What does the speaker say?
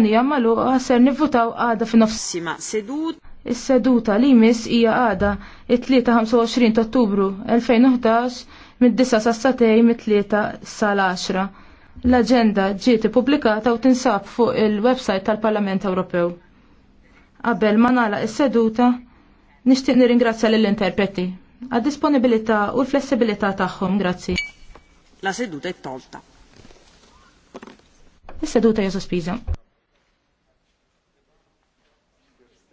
Nija maluqa ser nivvutaw għada f'nofsima sedut. Is-seduta li mis hija għada it-3-25 ottubru 2011 mid-9 sa' satej mid-3 sal-10. L-agenda ġiet ippubblikata u tinsab fuq il-website tal-Parlament Ewropew. Qabel ma nagħlaq is-seduta, nixtieq nirringrazzja lill-interpreti għad-disponibilità u l-flessibilità tagħhom, grazzi. La seduta è tolta. Is-seduta hija sospiża.